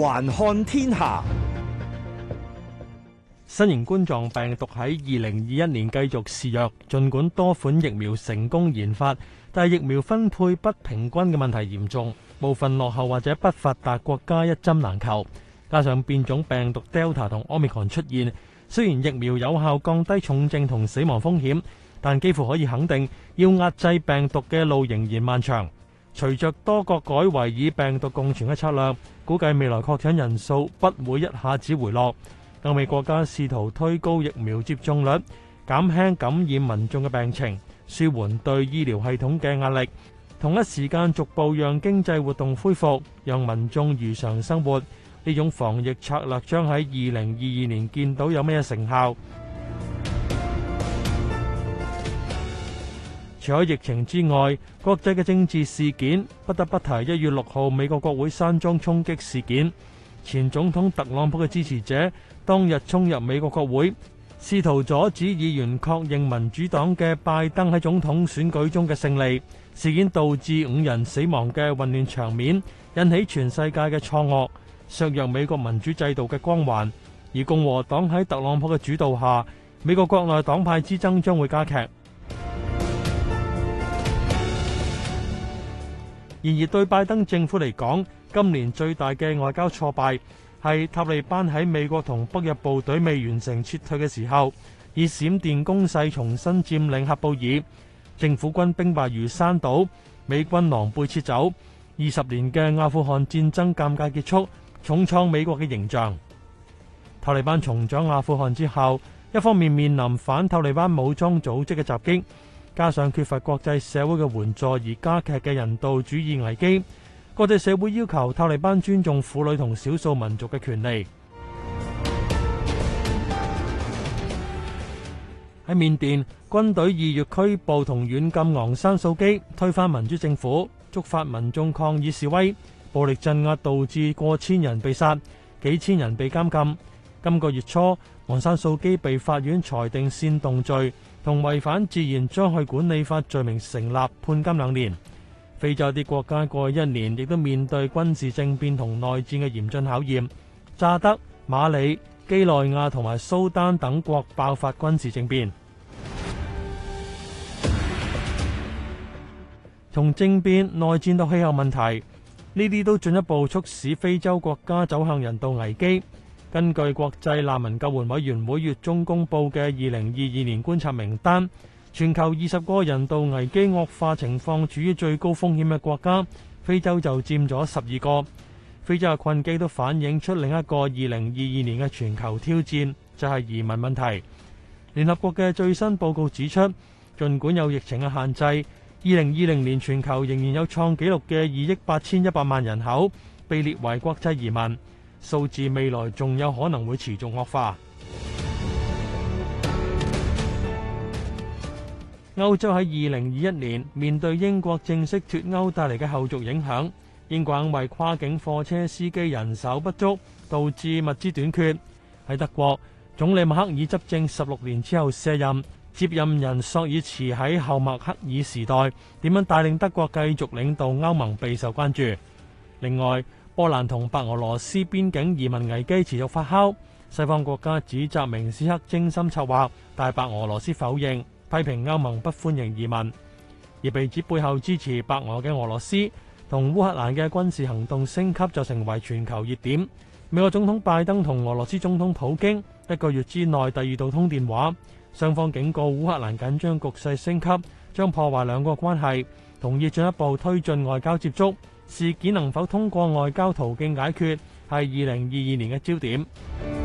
環看天下，新型冠狀病毒喺二零二一年繼續肆虐，盡管多款疫苗成功研發，但疫苗分配不平均嘅問題嚴重，部分落後或者不發達國家一針難求。加上變種病毒 Delta 同 Omicron 出現，雖然疫苗有效降低重症同死亡風險，但幾乎可以肯定，要壓制病毒嘅路仍然漫長。隨着多國改為以病毒共存嘅策略，估計未來確診人數不會一下子回落。歐美國家試圖推高疫苗接種率，減輕感染民眾嘅病情，舒緩對醫療系統嘅壓力，同一時間逐步讓經濟活動恢復，讓民眾如常生活。呢種防疫策略將喺二零二二年見到有咩成效？除咗疫情之外，國際嘅政治事件不得不提一月六號美國國會山莊衝擊事件。前總統特朗普嘅支持者當日衝入美國國會，試圖阻止議員確認民主黨嘅拜登喺總統選舉中嘅勝利。事件導致五人死亡嘅混亂場面，引起全世界嘅錯愕，削弱美國民主制度嘅光環。而共和黨喺特朗普嘅主導下，美國國內黨派之爭將會加劇。然而對拜登政府嚟講，今年最大嘅外交挫敗係塔利班喺美國同北約部隊未完成撤退嘅時候，以閃電攻勢重新佔領喀布爾，政府軍兵敗如山倒，美軍狼狽撤走，二十年嘅阿富汗戰爭尷尬結束，重創美國嘅形象。塔利班重掌阿富汗之後，一方面面臨反塔利班武裝組織嘅襲擊。加上缺乏國際社會嘅援助而加劇嘅人道主義危機，國際社會要求塔利班尊重婦女同少數民族嘅權利。喺緬甸，軍隊二月拘捕同軟禁昂山素基，推翻民主政府，觸發民眾抗議示威，暴力鎮壓導致過千人被殺，幾千人被監禁。今個月初，昂山素基被法院裁定煽動罪同違反自然災害管理法罪名成立，判監兩年。非洲啲國家過去一年亦都面對軍事政變同內戰嘅嚴峻考驗，乍得、馬里、基內亞同埋蘇丹等國爆發軍事政變。從政變、內戰到氣候問題，呢啲都進一步促使非洲國家走向人道危機。根據國際難民救援委員會月中公佈嘅2022年觀察名單，全球二十個人道危機惡化情況處於最高風險嘅國家，非洲就佔咗十二個。非洲嘅困機都反映出另一個2022年嘅全球挑戰，就係移民問題。聯合國嘅最新報告指出，儘管有疫情嘅限制，2020年全球仍然有創紀錄嘅2億8100萬人口被列為國際移民。數字未來仲有可能會持續惡化。歐洲喺二零二一年面對英國正式脫歐帶嚟嘅後續影響，英國因為跨境貨車司機人手不足，導致物資短缺。喺德國，總理默克爾執政十六年之後卸任，接任人朔爾茨喺後默克爾時代點樣帶領德國繼續領導歐盟備受關注。另外，波蘭同白俄羅斯邊境移民危機持續發酵，西方國家指責明斯克精心策劃，但白俄羅斯否認，批評歐盟不歡迎移民。而被指背後支持白俄嘅俄羅斯同烏克蘭嘅軍事行動升級就成為全球熱點。美國總統拜登同俄羅斯總統普京一個月之內第二度通電話，雙方警告烏克蘭緊張局勢升級，將破壞兩國關係，同意進一步推進外交接觸。事件能否通過外交途徑解決，係二零二二年嘅焦點。